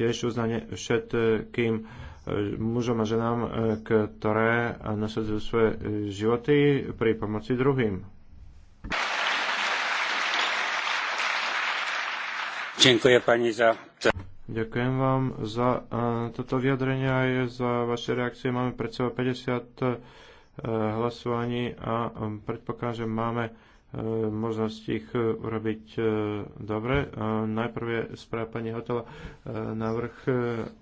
tiež uznanie všetkým e, e, mužom a ženám, e, ktoré nasadzujú svoje životy pri pomoci druhým. Ďakujem pani za... Ďakujem vám za toto vyjadrenie aj za vaše reakcie. Máme pred sebou 50 hlasovaní a um, predpokladám, že máme uh, možnosť ich uh, urobiť uh, dobre. Najprv je správa pani Hotela návrh